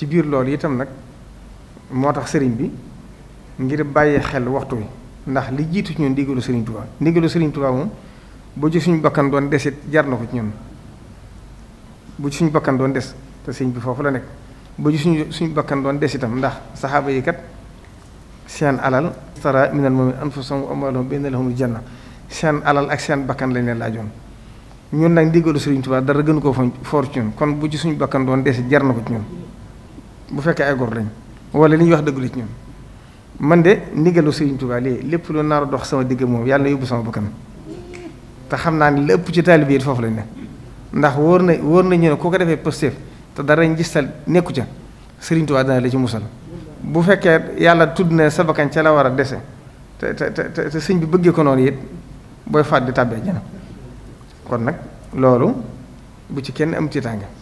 ci biir loolu itam nag moo tax sëriñ bi ngir bàyyi xel waxtu wi ndax li jiitu ñun ndigalu sëriñ Tuubaa ndigalu sëriñ Tuubaa moom bu ci suñu bakkan doon desit jar na ko ci ñun bu ci suñu des te sëriñ bi foofu la nekk bu suñu suñu bakkan des itam ndax saxaaba yi kat seen alal tara minal mu'minina anfusahum wa amwaalahum bi anna lahumul janna seen alal ak seen bakkan lañ leen laajoon ñun nag ndigalu sëriñ Tuubaa dara gënu koo fa for ci ñun kon bu ci suñu bakkan doon des jar na ko ci ñun bu fekkee ay góor lañ wala li ñuy wax dëggu ci ñun man de ndigalu Sëriñ Tuubaa lii lépp lu naaru dox sama digg moom yàlla na yóbbu sama bakkan te xam naa ne lépp ci taalibe yi foofu lañ ne ndax wóor na wóor nañu ne ku ko defee positif te dara ñu gisal nekku ca Sëriñ Tuubaa dana la ci musal bu fekkee yàlla tudd na sa bakkan ca la war a dese te te te sëñ bi bëggee ko noonu it booy fàdd di tàbbee jana kon nag loolu bu ci kenn am tiitaange